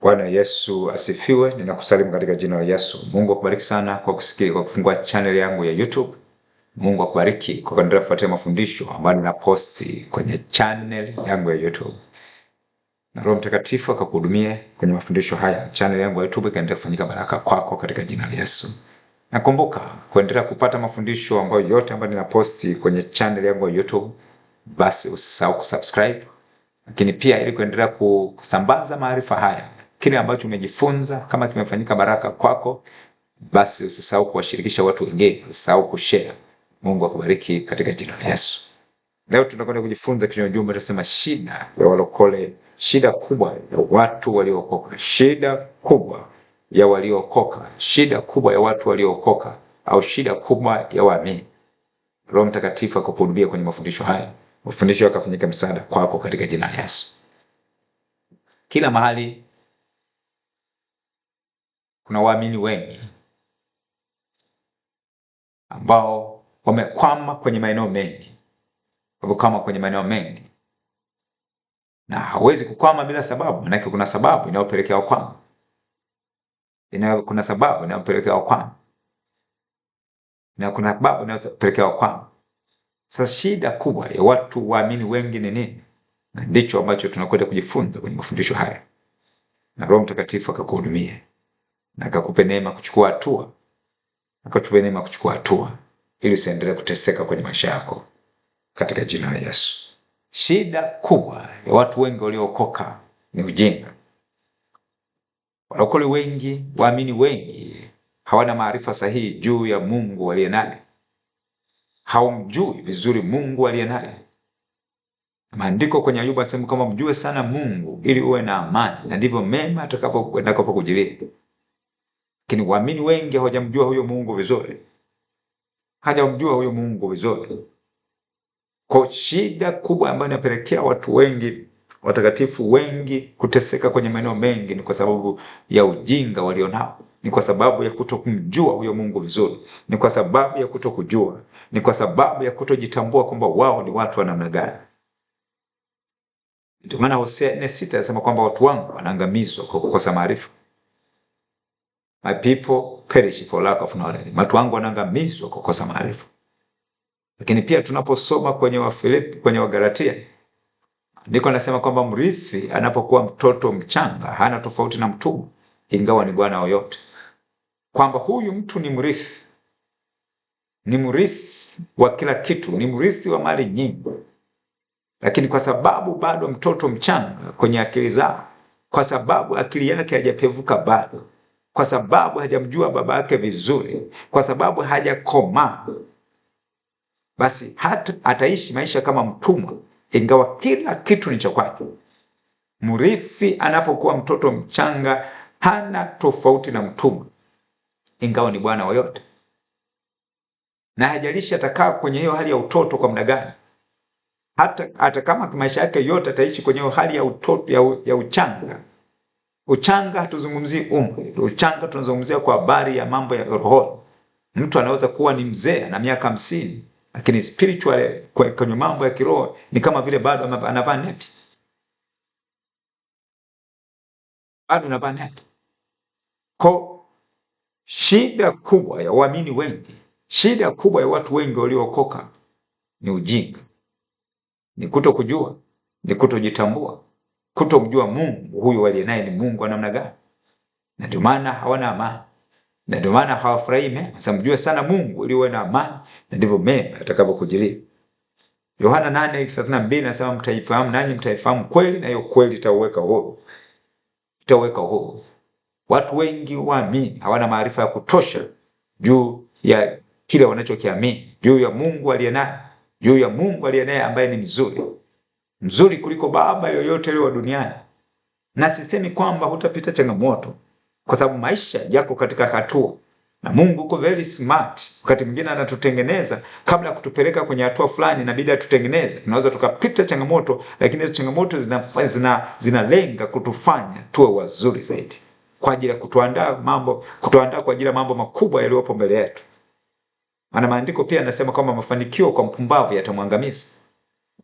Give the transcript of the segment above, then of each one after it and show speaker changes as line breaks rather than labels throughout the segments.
Bwana Yesu asifiwe. Ninakusalimu katika jina la Yesu. Mungu akubariki sana kwa kusikia, kwa kufungua channel yangu ya YouTube. Mungu akubariki kwa kuendelea kufuatilia mafundisho ambayo ninaposti kwenye channel yangu ya YouTube. Na Roho Mtakatifu akakuhudumie kwenye mafundisho haya. Channel yangu ya YouTube ikaendelea kufanyika baraka kwako katika jina la Yesu. Nakumbuka kuendelea kupata mafundisho ambayo yote ambayo ninaposti kwenye channel yangu ya YouTube, basi usisahau kusubscribe. Lakini pia ili kuendelea kusambaza maarifa haya kile ambacho umejifunza kama kimefanyika baraka kwako, basi usisahau kuwashirikisha watu wengine, usisahau kushare. Mungu akubariki katika jina la Yesu. Leo tunakwenda kujifunza kichwa cha ujumbe tunasema, shida ya walokole, shida kubwa ya watu waliookoka, shida kubwa ya waliookoka, shida kubwa ya watu waliookoka, au shida kubwa ya waamini. Roho Mtakatifu akakuhudumia kwenye mafundisho haya, mafundisho yakafanyika msaada kwako katika jina la Yesu. Kila mahali kuna waamini wengi ambao wamekwama kwenye maeneo mengi, wamekwama kwenye maeneo mengi, na hawezi kukwama bila sababu, manake kuna sababu inayopelekea wakwama ina, kuna sababu inayopelekea wakwama na kuna sababu inayopelekea wakwama. Sasa shida kubwa ya watu waamini wengi ni nini? Na ndicho ambacho tunakwenda kujifunza kwenye mafundisho haya, na Roho Mtakatifu akakuhudumia na akakupe neema kuchukua hatua, akakupe neema kuchukua hatua ili usiendelee kuteseka kwenye maisha yako katika jina la Yesu. Shida kubwa ya watu wengi waliookoka ni ujinga. Walokole wengi, waamini wengi hawana maarifa sahihi juu ya Mungu aliye naye, haumjui vizuri Mungu aliye naye. Maandiko kwenye Ayubu asema kwamba mjue sana Mungu ili uwe na amani, na ndivyo mema atakavyokwenda kwa kujilia. Lakini waamini wengi hawajamjua huyo Mungu vizuri, hajamjua huyo Mungu vizuri. Kwa shida kubwa ambayo inapelekea watu wengi watakatifu wengi kuteseka kwenye maeneo mengi ni kwa sababu ya ujinga walionao, ni kwa sababu ya kutokumjua huyo Mungu vizuri, ni kwa sababu ya kutokujua, ni kwa sababu ya kutojitambua kwamba wao ni watu wa namna gani. Ndio maana Hosea nne anasema kwamba watu wangu wanaangamizwa kwa kukosa maarifa. My people perish for lack of knowledge. Watu wangu wanaangamizwa kwa kukosa maarifa. Lakini pia tunaposoma kwenye Wafilipi, kwenye Wagalatia, ndiko anasema kwamba mrithi anapokuwa mtoto mchanga hana tofauti na mtumwa, ingawa ni bwana yoyote, Kwamba huyu mtu ni mrithi, ni mrithi wa kila kitu, ni mrithi wa mali nyingi, lakini kwa sababu bado mtoto mchanga kwenye akili zao, kwa sababu akili yake haijapevuka bado kwa sababu hajamjua baba yake vizuri, kwa sababu hajakomaa, basi hata ataishi maisha kama mtumwa, ingawa kila kitu ni cha kwake. Mrithi anapokuwa mtoto mchanga hana tofauti na mtumwa, ingawa ni bwana wa yote, na hajalishi atakaa kwenye hiyo hali ya utoto kwa muda gani. Hata, hata kama maisha yake yote ataishi kwenye hiyo hali ya utoto ya, ya uchanga Uchanga hatuzungumzii umri, uchanga tunazungumzia kwa habari ya mambo ya roho. Mtu anaweza kuwa ni mzee na miaka hamsini, lakini spiritual kwenye mambo ya kiroho ni kama vile bado anavaa nepi, bado anavaa nepi. Kwa shida kubwa ya waamini wengi, shida kubwa ya watu wengi waliookoka ni ujinga, ni kuto kujua, ni kutojitambua kutomjua Mungu huyu aliye naye ni Mungu wa namna gani, na ndio maana hawana amani, na ndio maana hawafurahi mema. Sasa mjue sana Mungu ili uwe na amani, na ndivyo mema atakavyokujilia. Yohana 8:32 anasema mtaifahamu nanyi mtaifahamu kweli, na hiyo kweli itaweka huru, itaweka huru. Watu wengi waamini hawana maarifa ya kutosha juu ya kile wanachokiamini juu ya Mungu aliye naye, juu ya Mungu aliye naye ambaye ni mzuri mzuri kuliko baba yoyote yule wa duniani, na sisemi kwamba hutapita changamoto, kwa sababu maisha yako katika hatua na Mungu uko very smart. Wakati mwingine anatutengeneza kabla ya kutupeleka kwenye hatua fulani, inabidi atutengeneze. Tunaweza tukapita changamoto, lakini hizo changamoto zinalenga zina, zina kutufanya tuwe wazuri zaidi kwa ajili ya kutuandaa mambo, kutuandaa kwa ajili ya mambo makubwa yaliyopo mbele yetu. Maana maandiko pia anasema kwamba mafanikio kwa mpumbavu yatamwangamiza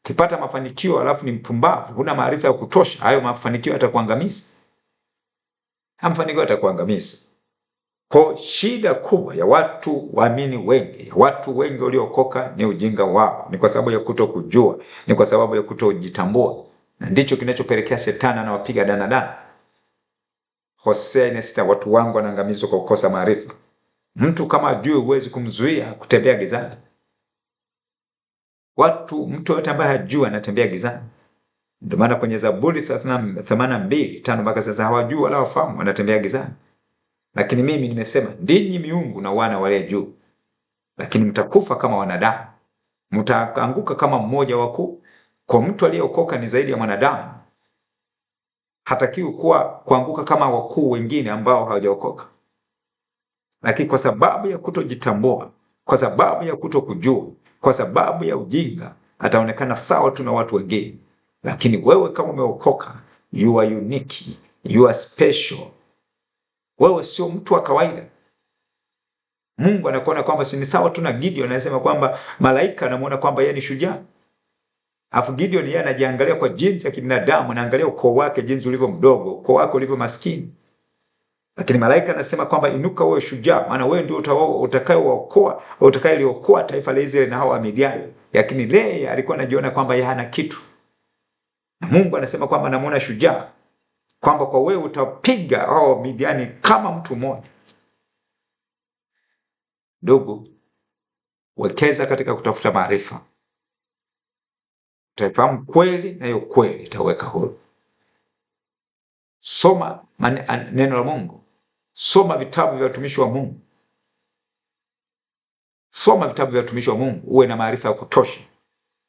ukipata mafanikio alafu ni mpumbavu, huna maarifa ya kutosha, hayo mafanikio yatakuangamiza, mafanikio yatakuangamiza. Kwa shida kubwa ya watu waamini wengi, ya watu wengi waliokoka ni ujinga wao, ni kwa sababu ya kuto kujua, ni kwa sababu ya kutojitambua, na ndicho kinachopelekea Shetani anawapiga dana dana. Hosea ine sita, watu wangu wanaangamizwa kwa kukosa maarifa. Mtu kama ajue, huwezi kumzuia kutembea gizani watu mtu yote ambaye hajua anatembea gizani. Ndio maana kwenye Zaburi 82 tano mpaka sasa hawajua wala wafahamu, wanatembea gizani. Lakini mimi nimesema ndinyi miungu na wana wale juu, lakini mtakufa kama wanadamu, mtaanguka kama mmoja wakuu. Kwa mtu aliyeokoka ni zaidi ya mwanadamu, hatakiwi kuwa kuanguka kama wakuu wengine ambao hawajaokoka. Lakini kwa sababu ya kutojitambua, kwa sababu ya kutokujua kwa sababu ya ujinga ataonekana sawa tu na watu wengine, lakini wewe kama umeokoka, you are unique, you are special. Wewe sio mtu wa kawaida. Mungu anakuona kwamba si ni sawa tu na Gideon, anasema kwamba malaika anamuona kwamba yeye ni shujaa, afu Gideon yeye anajiangalia kwa jinsi ya kibinadamu, anaangalia ukoo wake, jinsi ulivyo mdogo, ukoo wake ulivyo maskini lakini malaika anasema kwamba inuka, wewe shujaa, maana wewe ndio utakayeokoa utakayeliokoa taifa la Israeli na hawa Midiani. Lakini yeye alikuwa anajiona kwamba yeye hana kitu, na Mungu anasema kwamba namuona shujaa, kwamba kwa wewe utapiga hao Midiani kama mtu mmoja. Ndugu, wekeza katika kutafuta maarifa, utaifahamu kweli na hiyo kweli itaweka huru. Soma neno la Mungu. Soma vitabu vya watumishi wa Mungu, soma vitabu vya watumishi wa Mungu, uwe na maarifa ya kutosha,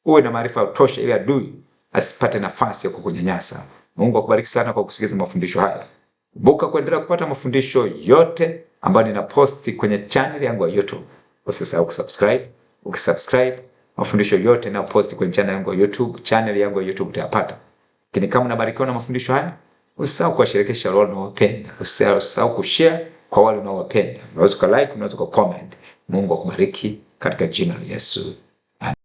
uwe na maarifa ya kutosha ili adui asipate nafasi ya kukunyanyasa. Mungu akubariki sana kwa kusikiliza mafundisho haya. Kumbuka kuendelea kupata mafundisho yote ambayo nina posti kwenye channel yangu ya YouTube. Usisahau kusubscribe. Ukisubscribe, mafundisho yote na posti kwenye channel yangu ya YouTube, channel yangu ya YouTube utayapata. Lakini kama unabarikiwa na mafundisho haya Usisahau kuwashirikisha wale unaowapenda, usisahau kushare kwa wale unaowapenda. Unaweza ukalike, unaweza ukacoment. Mungu akubariki katika jina la Yesu.